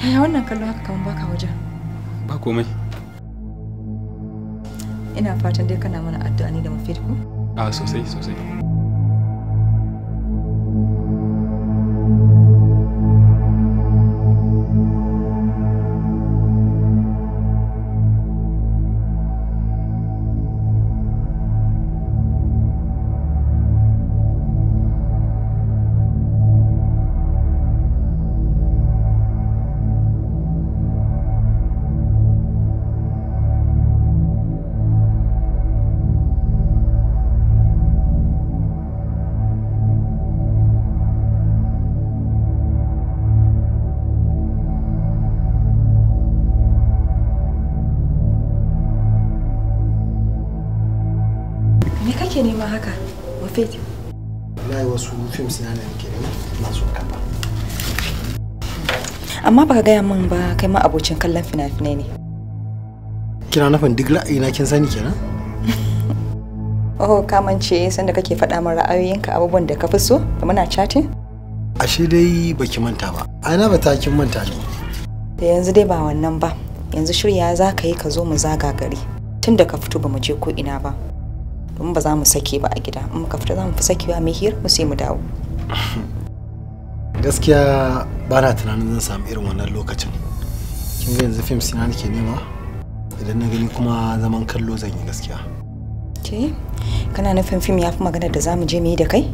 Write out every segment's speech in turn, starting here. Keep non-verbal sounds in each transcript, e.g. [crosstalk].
Yaya wannan kallo haka kamar baka wajen? Ba komai. Ina fatan dai kana mana addu'a ne da mafi ko? A ah, sosai sosai. Mufid. Wallahi wasu na nan kenan na gaya min ba kai ma abocin kallon fina-finai ne. Kina nufin duk ra'ayina kin sani kenan? [laughs] Oh, san sanda kake faɗa min ra'ayoyinka abubuwan da ka fi so da muna chatting? Ashe dai baki manta ba. na ba ta kin manta ne. Da yanzu dai ba wannan ba. Yanzu shirya za ka yi ka zo mu zaga gari. Tun da ka fito ba mu je ko ina ba. don ba za mu sake ba a gida in muka fita za mu fi sakewa mai hira mu sai mu dawo [laughs] gaskiya ba na tunanin zan samu irin wannan lokacin kin ga yanzu fim sina nake nema idan na gani kuma zaman kallo zan yi gaskiya ke kana nufin fim ya fi magana da za mu je mu yi da kai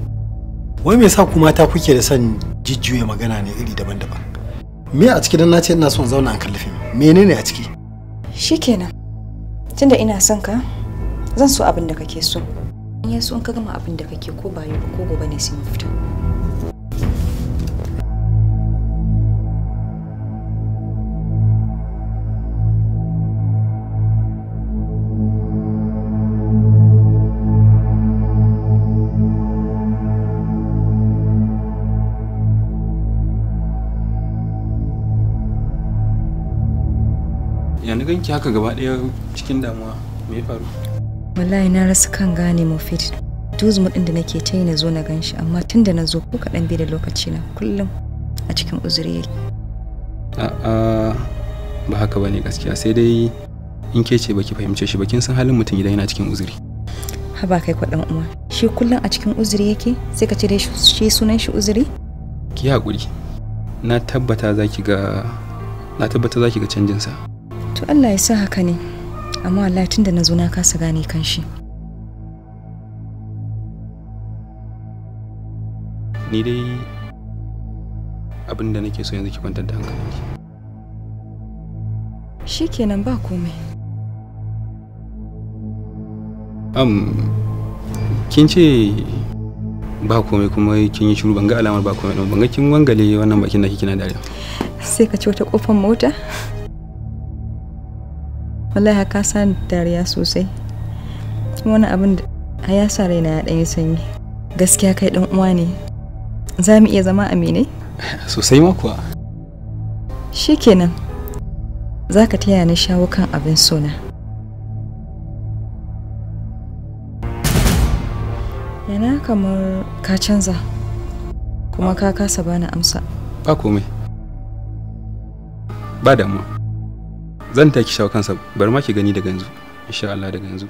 wai me yasa ku mata kuke da son jijjuya magana ne iri daban-daban me a ciki dan nace ina son zauna an kalli fim menene a ciki shikenan tunda ina son ka zan so abin da kake so in ya so in ka gama abin da kake ko ba yau ko gobe ne sai mu fita ya ganki haka gaba ɗaya cikin damuwa me ya faru wallahi na rasa kan gane mufid tuzmu din da nake ta na zo na gan shi amma tun da na zo ko kaɗan bi da lokaci na kullum a cikin uzuri yake a'a ba haka bane gaskiya sai dai in ke ce baki fahimce shi bakin san halin mutum idan yana cikin uzuri ba kai kwaɗan uwa shi kullum a cikin uzuri yake sai ka ce dai shi sunan shi uzuri ki haƙuri na tabbata za ki ga na tabbata za ki ga canjinsa to Allah ya sa haka ne amma wallahi tunda na zo na kasa gane kan shi ni dai abin da nake so yanzu ki kwantar da hankalinki kenan ba komai am kin ce ba komai kuma kin yi shiru ban ga alamar ba komai ban ga kin wangale wannan bakin da kike na dare sai ka ci wata kofar mota wallahi ka san dariya sosai wani abin da ya sa raina ya ɗanyi sanyi gaskiya kai ɗan uwa ne za mu iya zama amine sosai ma kuwa shikenan za ka taya ni shawo kan abin sona yana kamar ka canza kuma ka kasa bani amsa ba komai ba damuwa zan taki shawo kansa bar ma ki gani daga yanzu insha Allah daga yanzu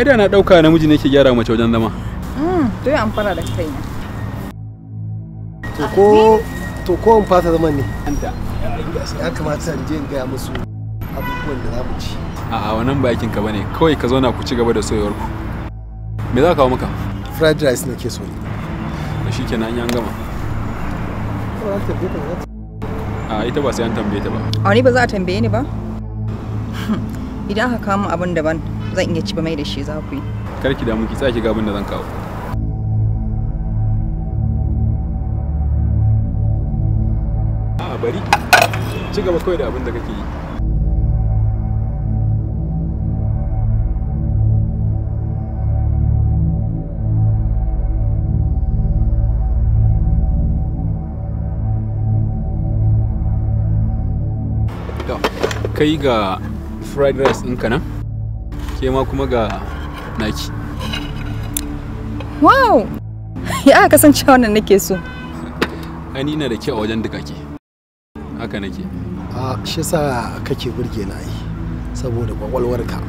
ai da na dauka namiji ne ke gyara mace wajen zama mm to an fara da ne. to ko to ko in fasa zaman ne ya kamata in je in gaya musu abubuwan da za mu ci a'a wannan ba aikin ka bane kawai ka zauna ku ci gaba da soyawar ku me za ka kawo maka fried rice nake so ne to shikenan an gama a ita ba sai an tambaye ta ba a ni ba za a tambaye ni ba [laughs] idan aka kama abin daban zan iya ci ba mai da shi za ku yi kar ki damu ki tsaya ki ga abin da zan kawo a bari ci gaba kawai da abin da kake yi kai ga fried rice ɗinka nan? ke ma kuma ga naki wow ya aka san cewa wannan nake so ani [laughs] na da kyau a wajen duka ke haka nake a shi sa kake burge na yi saboda ka.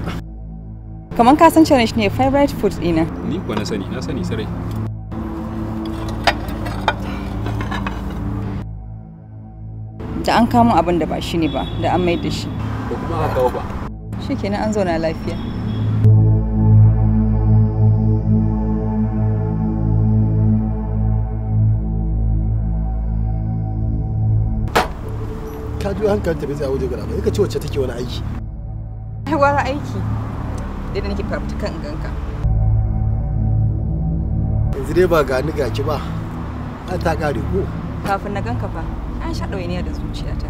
kamar ka san cewa ne favorite food dina ni ko na sani na sani sarai da an kamo abin da ba shi ne ba da an mai da shi. ba kuma haka ba. Shi kenan an zauna lafiya. ta hankali ta bai tsaya waje guda ba ka ce wacce take wani aiki ai wani aiki da nake farfita kan ganka yanzu dai ba ga ni ga ki ba an ta kare ko kafin na ganka fa an sha ɗawainiya da zuciyata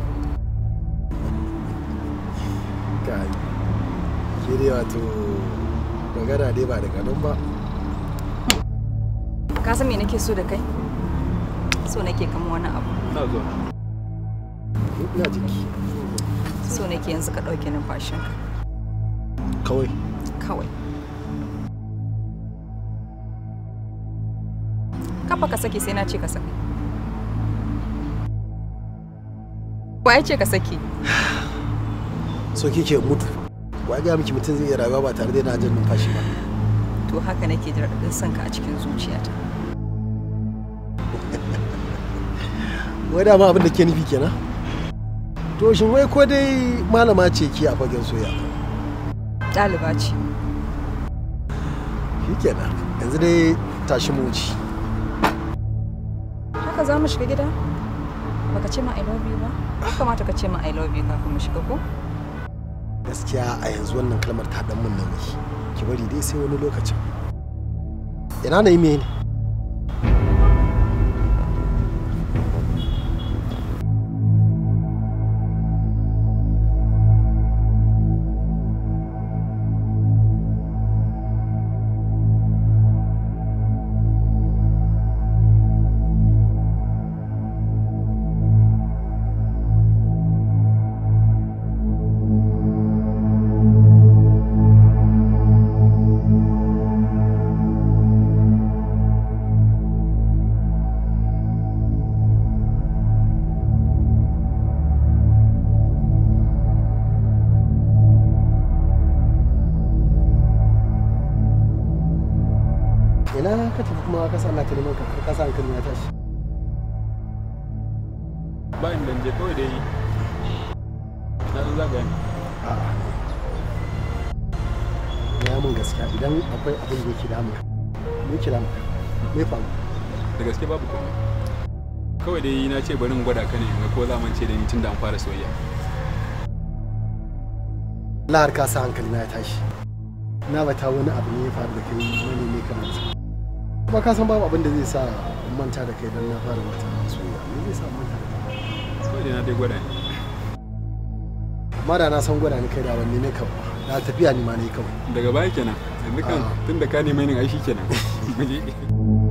kai ke dai wato magana dai ba da nan ba ka san me nake so da kai so nake kama wani abu na zo ina jiki so ke yanzu ka ɗauke numfashinka kawai kawai kafa ka saki sai na ce ka saki ya ce ka saki so kike mutu wa ya gaya miki mutum zai iya rayuwa ba tare da yana jin numfashi ba to haka nake da raɗaɗin sanka a cikin zuciyata wai dama abin da ke nufi kenan to shin wai ko dai malama ce ki a fagen soya ɗaliba ce kenan yanzu dai tashi mu haka za mu shiga gida baka ce ma i love you ba ya kamata ka ce ma i love you kafin mu shiga ko gaskiya a yanzu wannan kalmar ta dan mun nauyi ki bari dai sai wani lokacin ina na yi mene sa Allah ta neman ka ka kasa hankali na tashi ba in dan je kawai dai na san zagaya ne a'a ya mun gaskiya idan akwai abin da yake damu mu kira mu me faru da gaske babu komai kawai dai na ce bari gwada ka ne ga ko zaman ce da ni tunda an fara soyayya Allah har ka sa hankali na ya tashi na bata wani abu ne ya faru da kai wani ne kamar kuma ka san babu abin da zai sa manta da kai don na fara mata soyayya me zai sa manta da kai kawai dai na dai gwada ne amma da na san gwada ne kai da wanne ne kan na tafiya ne ma ne kawai daga baya kenan yanzu kan ah. tun da ka nemi ni ai kenan [laughs]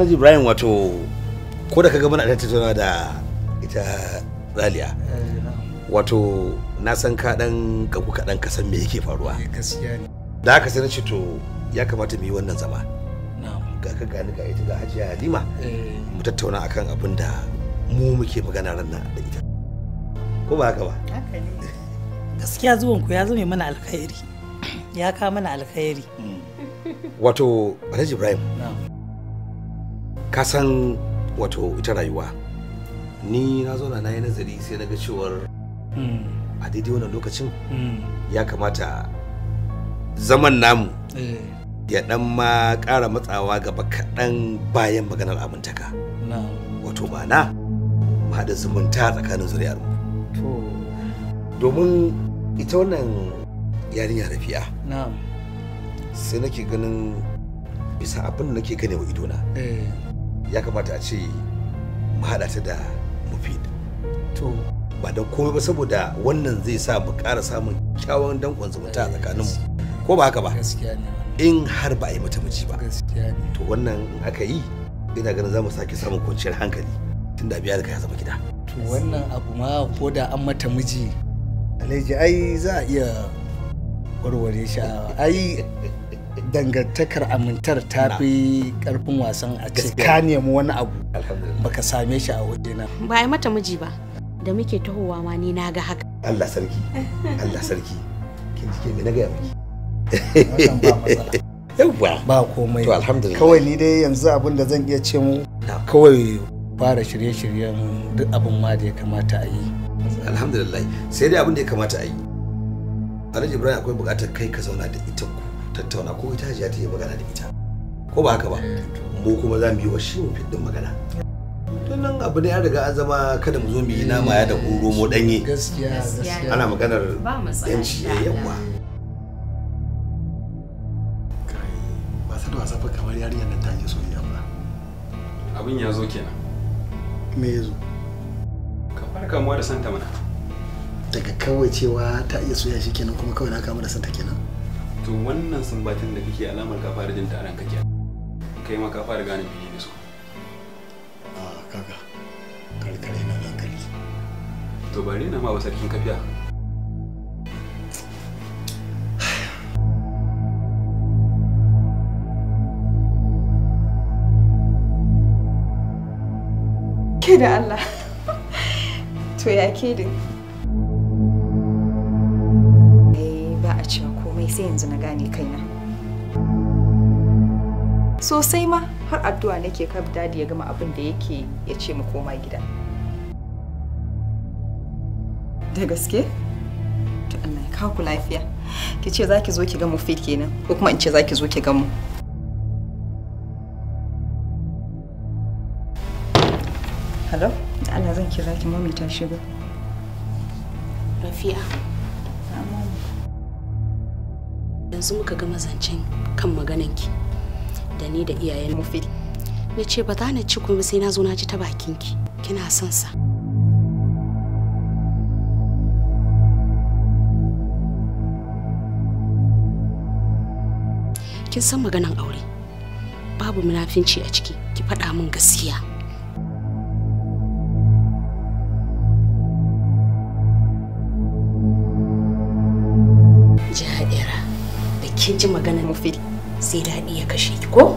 alhaji ibrahim wato ko da kaga muna da tattauna da ita raliya eh, wato na san ka dan gabu kaɗan ka san me yake faruwa eh, da haka sai na ce to ya kamata mu yi wannan zama ga ka gani ga ita ga hajiya halima eh. mu tattauna akan abin da mu muke magana ran nan da ita ko ba haka ba [laughs] gaskiya zuwan ku ya zama mana alkhairi [clears throat] ya ka mana alkhairi wato alhaji ibrahim Kasan wato ita rayuwa ni na zauna na yi nazari sai na ga cewar hmm. a daidai wannan lokacin hmm. ya kamata zaman namu eh. ya dan ma ƙara matsawa gaba kaɗan bayan maganar amintaka wato ba na da zumunta tsakanin zuriyarmu domin ita wannan yarinya rafi'a sai nake ganin bisa abin da nake wa idona eh. ya kamata a ce mu haɗa ta da mufid to ba da komai ba saboda wannan zai sa mu ƙara samun kyawun dankon zumunta a eh, tsakaninmu ko ba haka ba in har ba a yi mata miji ba to wannan in aka yi ina ganin za mu sake samun kwanciyar hankali tunda biya da ya zama gida to wannan abu ma ko da an mata miji alhaji ai za a iya warware shi ai dangantakar amintar ta fi karfin wasan a ce ka nemi wani abu baka same shi a waje na ba ai mata miji ba da muke tahowa ma ni na ga haka Allah sarki Allah sarki kin ji ke me na ga miki [laughs] yawa ba komai to alhamdulillah kawai ni dai yanzu abin da zan iya ce mu kawai fara shirye-shiryen duk abin ma da ya kamata a yi alhamdulillah sai dai abin da ya kamata a yi Alhaji Ibrahim akwai buƙatar kai ka zauna da ita ku tattauna ko ita hajiya ta yi magana da ita ko ba haka ba mu kuma za mu yi wa shi mu fiddin magana tun nan abu ne ya riga an zama kada mu zo mu yi nama ya da goro mu danye ana maganar yanci eh, yawa masu da wasa kamar yarinyar nan ta yi soyayya ba abin ya zo kenan me ya zo ka fara kamuwa da santa mana daga kawai cewa ta iya soya shi kenan kuma kawai na kamu da santa kenan to wannan sumbatin da kake alamar ka fara jin taron kake kai ma ka fara gane menene su a kaga karkare na hankali to bare na ma ba sarkin kafiya [sighs] ke da Allah [laughs] to ya ke din sai yanzu na gane kaina sosai ma har addu'a nake kab dadi ya gama abin da yake ya ce mu koma gida da gaske to Allah ya kawo ku lafiya ki ce zaki zo ki ga mu fit kenan ko kuma in ce zaki zo ki ga mu hello Allah zan kira ki mami ta shiga. Rafi'a yanzu muka ga mazancin kan maganarki da ni da iyayen mufid na ce ba za na ci kuma sai na zo na ji ta bakinki kina son sa kin san maganan aure babu munafinci a ciki ki faɗa min gaskiya kin ji maganar mufid sai daɗi ya kashe ki ko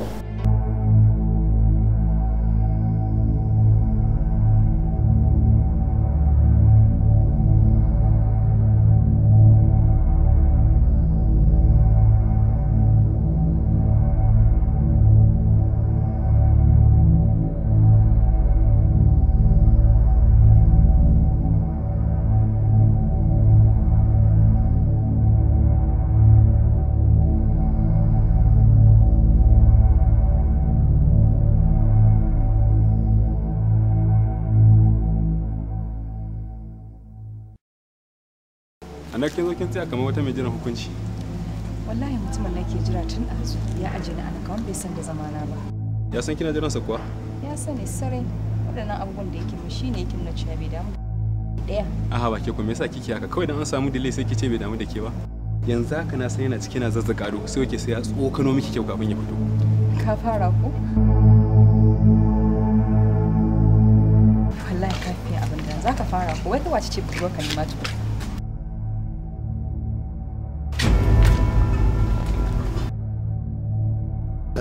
ma'ana kin zo kin tsaya kamar wata mai jiran hukunci wallahi mutumin nake jira tun ɗazu ya aje ni a kawai bai san da zamana ba ya san kina jiransa kuwa ya sani sare wadannan abubuwan da yake mu ne yake nuna cewa bai damu daya aha ba ke ku me yasa kike haka kawai dan an samu delay sai ce bai damu da ke ba yanzu haka na san yana cikin na zazzaka ado sai yake sai ya tsokano miki kyau kafin ya fito ka fara ko wallahi kafin abin da za ka fara ko wai ka wace ce budurwar ka ne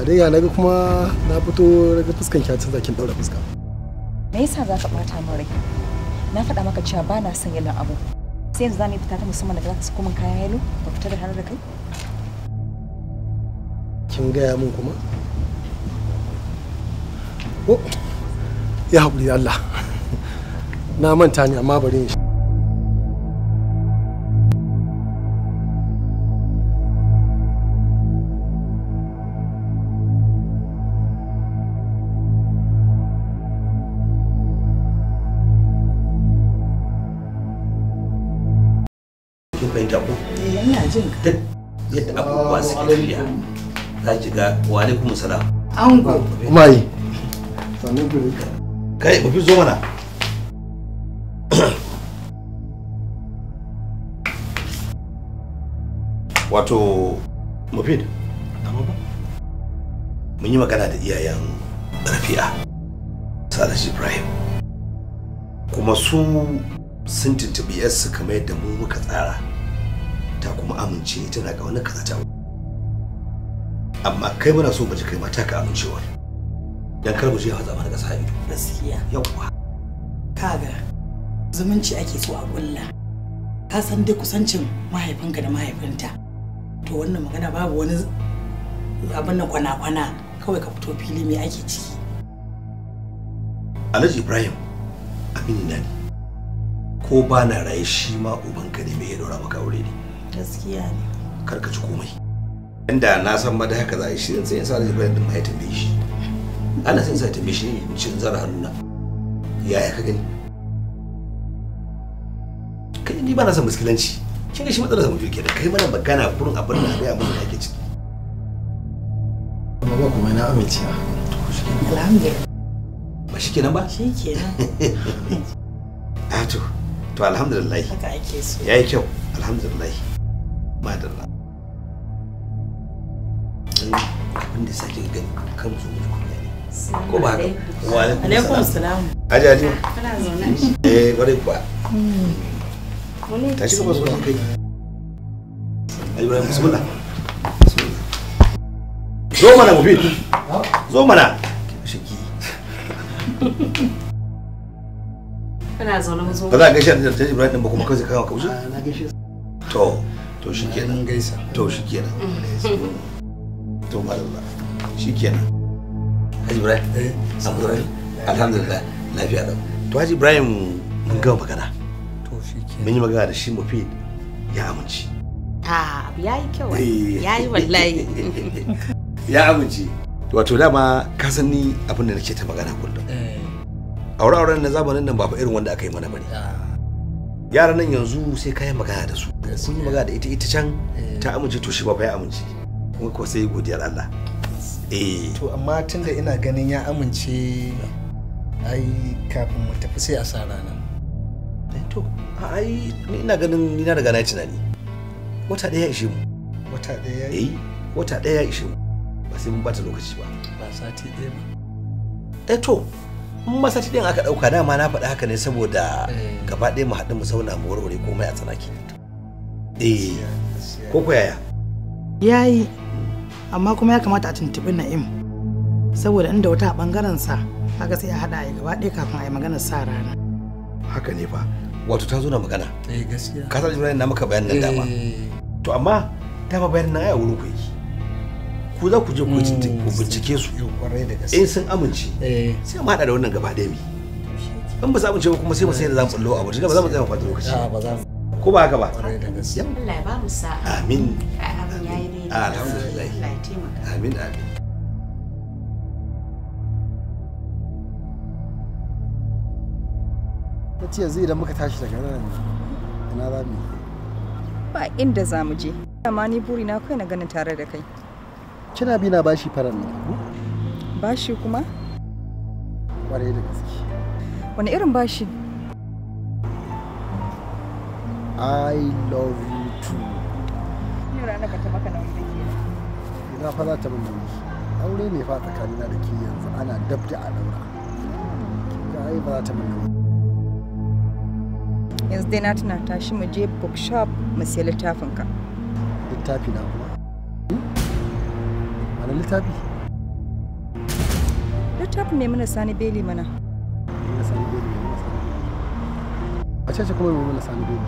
dai na ga kuma na fito daga fuskan ki zakin daura fuska me yasa za ka bata min rai na faɗa maka cewa ba na son yalin abu sai yanzu za mu fita ta musamman daga za ka kuma kayan yalo ba fita da hannu da kai kin gaya min kuma oh ya haƙuri Allah [laughs] na manta ne amma bari in Yana eh, jin ka. Duk yadda abubuwa suke tafiya za ki ga wa alaikum salam. Ango. Mai. Sannan ku rika. Kai ku fi zo mana. Wato Mufid. Mun yi magana da iyayen Rafi'a. Salisu Ibrahim. Kuma su sun tuntuɓi yarsu kamar yadda mu muka tsara. ta kuma amince tana ga wani kaza ta amma kai muna so baje kai ma ta ka amincewar dan kar buje je hatsa mana kasa ido gaskiya yawa kaga zumunci ake so a kulla ka san dai kusancin mahaifinka da mahaifinta to wannan magana babu wani abin na kwana-kwana kawai ka fito fili mai ake ciki alhaji ibrahim abin na ne ko ba na raye shi ma ubanka ne mai ya maka aure ne gaskiya ne karka ci komai inda na san ma da haka za a yi shi sai in sa da jibril din ma tambaye shi ana sai in sa tambaye shi in cin zara hannuna yaya ka gani kai ni ba na san muskilanci kin ga shi matsalar mu duke da kai mana magana kurin abin da ya mun ake ciki amma ba kuma na amince ba alhamdulillah ba shikenan ba shikenan a [laughs] to to alhamdulillah haka ake so yayi kyau alhamdulillah madalla abin sake gani kan su ne ko ba wa alaikum salam kana eh ta shi kai bismillah zo mana zo mana shiki kana mu zo ba za ka da Ibrahim ba kuma kai ka kawo to to shi kenan gaisa to shi kenan to malalla shi kenan haji ibrahim eh. abu abdullahi alhamdulillah lafiya da to haji ibrahim mun gama magana to shi kenan mun yi magana da shi mufid ya amince a ya yi kyau eh. ya yi wallahi [laughs] ya amince wato dama ka san ni abin da nake ta magana kullum eh. aure-auren na zamanin nan ba fa irin wanda aka yi mana bane ah. yaran nan yanzu sai ka yi magana da su kun yi magana da ita ita can eh. ta amince to shi ba ya amince kuma ko sai godiyar Allah eh to amma tunda ina ganin ya amince ai kafin mu tafi sai a sa rana eh to ai ni ina ganin ni na daga na tunani wata daya ishe mu wata daya eh wata daya ishe mu ba sai mun bata lokaci ba ba sati daya ba eh to masaci din aka dauka dama na faɗa haka ne saboda eh. gaba ɗaya mu haɗu mu zauna mu warware komai a tsanaki eh ko ko yaya yayi amma kuma ya kamata a tuntuɓi na'im saboda inda wata a ɓangaren sa haka sai a haɗa a gaba ɗaya kafin a yi magana sa rana haka ne fa wato ta zo na magana eh gaskiya ka san jira na maka bayanin nan dama eh. to amma ta ma bayanin nan ai wuri ku yi ku za ku je ku mm, bincike su in sun amince eh. sai mu haɗa da wannan gaba ɗaya mi in ba mu ce ba kuma sai mu eh. sai da za mu ɓullo a wajen ba za mu tsaya ba ɓata lokaci ah, ko ba haka ba Allah ya ba mu sa'a amin alhamdulillah amin amin ta ce yanzu idan muka tashi daga nan ina za mu ba inda za mu je amma ni buri na kai na ganin tare da kai Cina bi na bashi faran nan bashi kuma kwarai da gaske wani irin bashi i love you too yau rana ba ta maka wani da ke ina fa za ta min nauyi aure ne fa tsakanina da ke yanzu ana dab da a daura ga ai ba za ta min yanzu dai na tana tashi mu je bookshop mu siya littafinka littafi na kuma da littafi littafin mai mana sani beli mana a cece kuma mai mana sani beli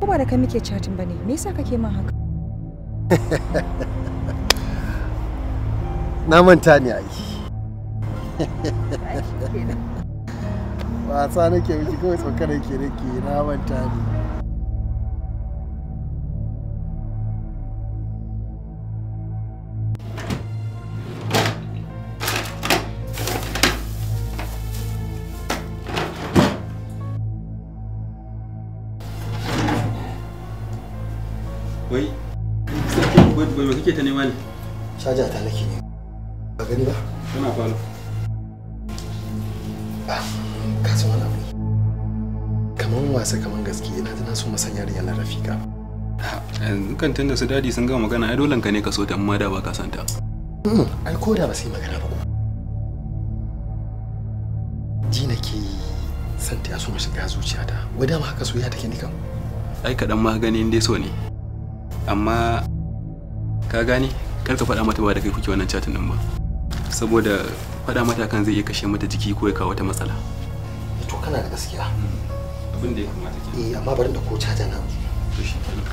ko ba da kai muke chatin ne, me yasa kake man haka [laughs] na manta ne ai sa nake miki kawai tsokana ke nake na manta ne Wai, sarki gwad gwad kike ta nema ne? Caja ta nake ne. Ba gani ba? Kana falo. Ka san wani abu. Kaman wasa kaman gaske ina tana so masanyar yalan Rafika. Yanzu kan tunda su dadi sun gama magana ai dolen ka ne ka so ta amma da ba ka santa. Mm, ai ko da ba su yi magana ba kuma. Ji nake santa ya so mu shiga zuciyata. Wai dama haka soyayya take ni kan. Ai kaɗan ma ganin dai so ne. amma ka gane kar ka faɗa mata ba da kai kuke wannan chatin din ba saboda faɗa mata kan zai iya kashe mata jiki ko ya kawo wata matsala to kana da gaskiya hmm, abin da ya kamata eh amma bari da ko chatin nan to shi kenan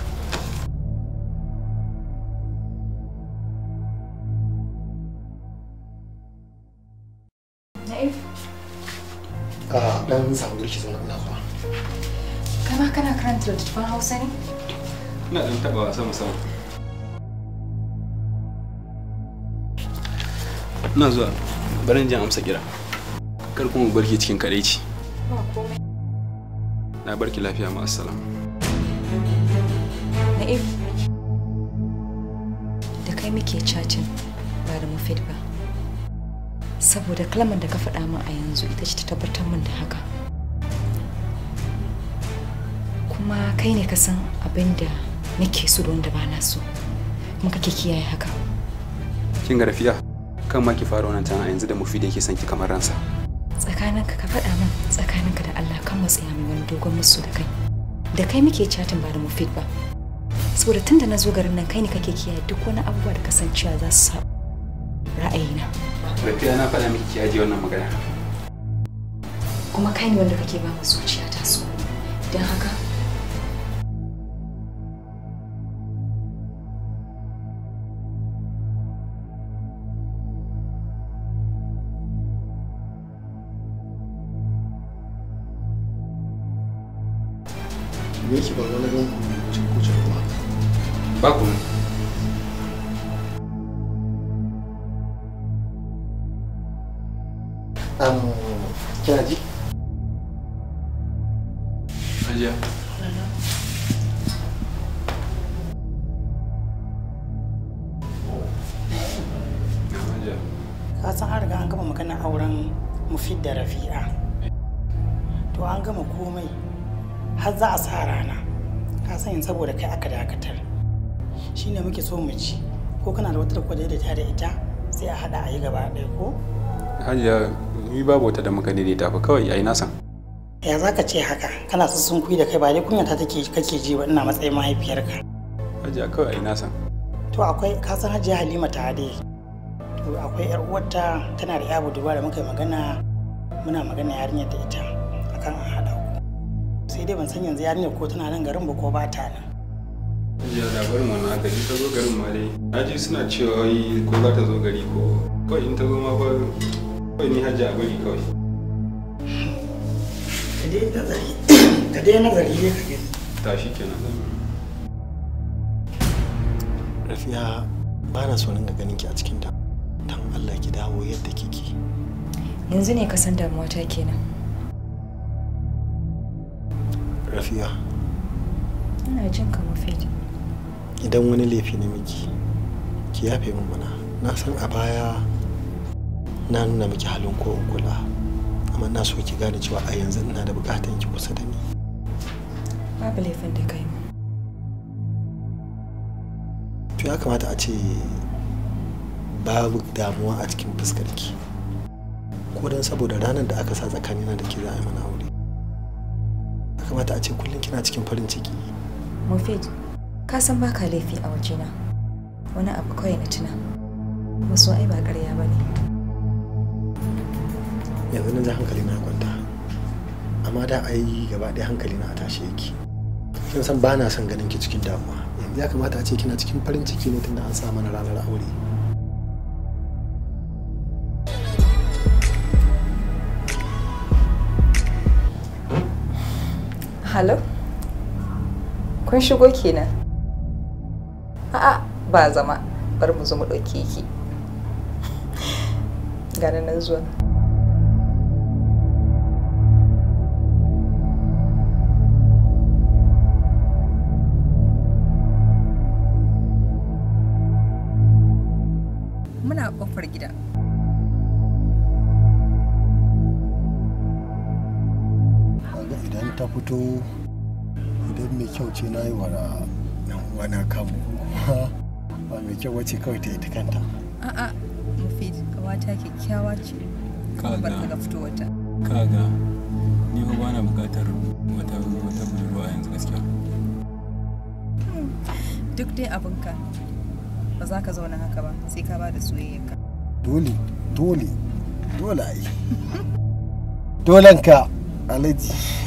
dan ah, samu girki zaune ina zuwa. Kai ma kana karanta littattafan Hausa ne? ina ɗan taɓa sama sama ina zuwa barin jin amsa kira kar kuma barki cikin ci. na barki lafiya ma assalam na'im da kai muke cacin ba da mufid ba saboda kalmar da ka faɗa min a yanzu ita ce ta tabbatar min da haka kuma kai ne ka san abin da nake so da wanda ba na so kuma kake kiyaye haka kin ga rafiya kan ma ki fara wannan tana yanzu da mufi da yake son ki kamar ransa tsakaninka ka faɗa min tsakaninka da Allah kan matsaya mu wani dogon musu da kai da kai muke chatin ba da mufi ba saboda tunda na zo garin nan kai ne kake kiyaye duk wani abubuwa da cewa za su sa ra'ayina rafiya na faɗa miki ki aje wannan magana kuma kai ne wanda kake ba mu zuciya ta so don haka me yake faruwa na ganku cikin kuce kuma ba ku um kina ji Ka san an riga an gama magana auren mufid da rafi'a. To an gama komai har za a sa rana ka san saboda kai aka dakatar shine muke so mu ci ko kana da wata da daidaita da ita sai a hada a yi gaba ɗaya ko hajiya ni babu wata da muka daidaita tafi kawai a yi nasan. ya za ka ce haka kana su sun kuyi da kai ba dai kunya ta take kake ji ba ina matsayin mahaifiyarka hajiya kawai a yi nasan. to akwai ka san hajiya halima ta dai to akwai yar uwarta tana da da ba da muka magana muna magana yarinyar da ita akan a hada sai dai ban san yanzu ne ko tana nan garin ba ko ba ta nan ya labarin wani aka ji ta zo garin ma dai na ji suna cewa yi ko za ta zo gari ko kawai in ta zo ma ba kawai ni hajji a bari kawai ka dai nazari [coughs] ka dai nazari ne ka gani tashi kenan rafiya ba na so ga ganin ki a cikin ta dan Allah ki dawo yadda kike yanzu ne ka san damuwa ta kenan rafiya ina jin ka idan wani laifi na miki ki yafe min mana na san a baya na nuna miki halin ko kula amma na so ki gane cewa a yanzu ina da bukatan ki kusa da ni babu laifin da kai to ya kamata a ce babu damuwa a cikin fuskarki ko don saboda ranar da aka sa tsakanina da ke za a yi mana kamata a ce kullum kina cikin farin ciki mufid ka san baka laifi a wajena wani abu kawai na tuna maso ai ba karya ba ne yanzu na ji hankali na kwanta amma da a yi gaba ɗaya hankali na tashi yake kin san ba na son ganin ki cikin damuwa yanzu ya kamata a ce kina cikin farin ciki ne tunda an sa mana ranar aure Hello? Kun shigo kenan? A'a ba zama bar mu zo mu ɗauki ki. [laughs] Gane nan zuwa. Muna ƙofar gida. fito idan mai kyau ce na yi wara nan wana kamu [laughs] ba mai kyau wace kawai ta yi ta kanta a'a mafi kawata kyakkyawa ce kuma barka ga fito wata kaga ni ba bana bukatar wata wata budurwa yanzu gaskiya duk dai abinka ba za ka zauna haka ba sai ka ba da soyayyarka dole dole dole a yi [laughs] dolenka alaji